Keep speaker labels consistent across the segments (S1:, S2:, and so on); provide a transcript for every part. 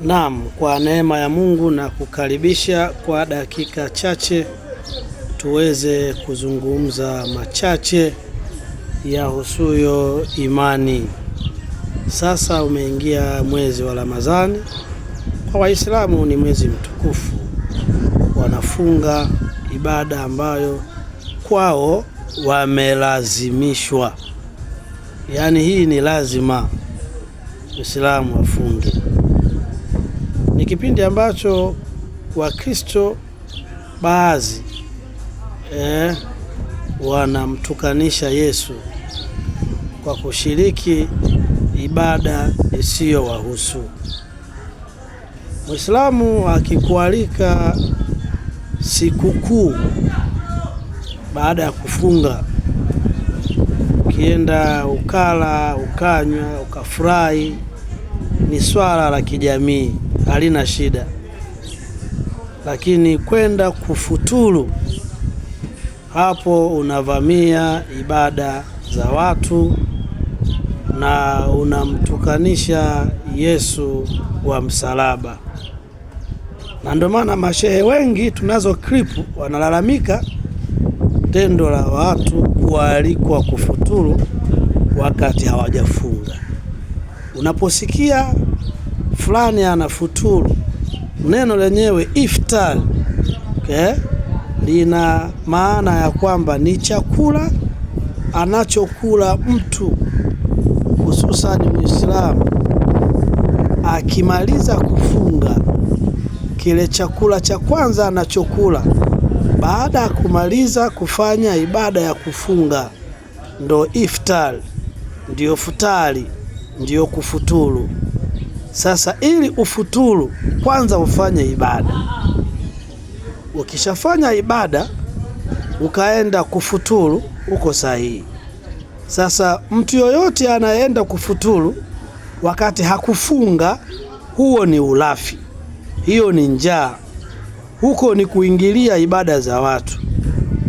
S1: Naam, kwa neema ya Mungu na kukaribisha kwa dakika chache tuweze kuzungumza machache ya husuyo imani. Sasa umeingia mwezi wa Ramadhani. Kwa Waislamu ni mwezi mtukufu, wanafunga ibada ambayo kwao wamelazimishwa, yaani hii ni lazima Uislamu wafunge ni kipindi ambacho Wakristo baadhi eh, wanamtukanisha Yesu kwa kushiriki ibada isiyowahusu. Mwislamu akikualika sikukuu baada ya kufunga, ukienda ukala, ukanywa, ukafurahi ni swala la kijamii, halina shida, lakini kwenda kufuturu, hapo unavamia ibada za watu na unamtukanisha Yesu wa msalaba. Na ndio maana mashehe wengi tunazo kripu wanalalamika tendo la watu kualikwa kufuturu wakati hawajafunga. Unaposikia fulani anafuturu, neno lenyewe iftar okay, lina maana ya kwamba ni chakula anachokula mtu hususani Muislamu akimaliza kufunga. Kile chakula cha kwanza anachokula baada ya kumaliza kufanya ibada ya kufunga ndo iftar, ndiyo futari ndiyo kufuturu. Sasa ili ufuturu, kwanza ufanye ibada. Ukishafanya ibada ukaenda kufuturu, uko sahihi. Sasa mtu yoyote anayeenda kufuturu wakati hakufunga, huo ni ulafi, hiyo ni njaa, huko ni kuingilia ibada za watu.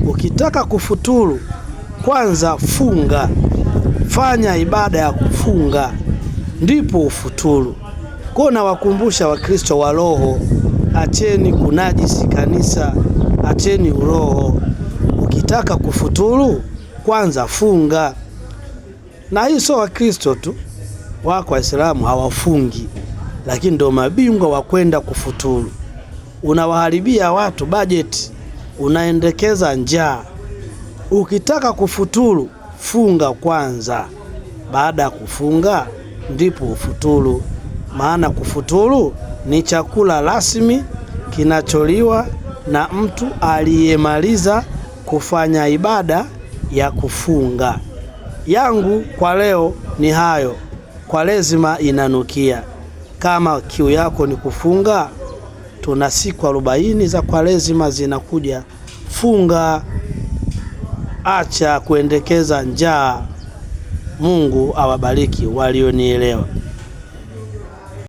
S1: Ukitaka kufuturu, kwanza funga, fanya ibada ya kufunga ndipo ufuturu. Kwa nawakumbusha Wakristo wa roho, acheni kunajisi kanisa, acheni uroho. Ukitaka kufuturu, kwanza funga. Na hii sio Wakristo tu, wako Waislamu hawafungi, lakini ndio mabingwa wa kwenda kufuturu. Unawaharibia watu bajeti, unaendekeza njaa. Ukitaka kufuturu, funga kwanza. Baada ya kufunga ndipo ufuturu, maana kufuturu ni chakula rasmi kinacholiwa na mtu aliyemaliza kufanya ibada ya kufunga. Yangu kwa leo ni hayo. Kwaresima inanukia. Kama kiu yako ni kufunga, tuna siku arobaini za Kwaresima zinakuja. Funga, acha kuendekeza njaa. Mungu awabariki walionielewa.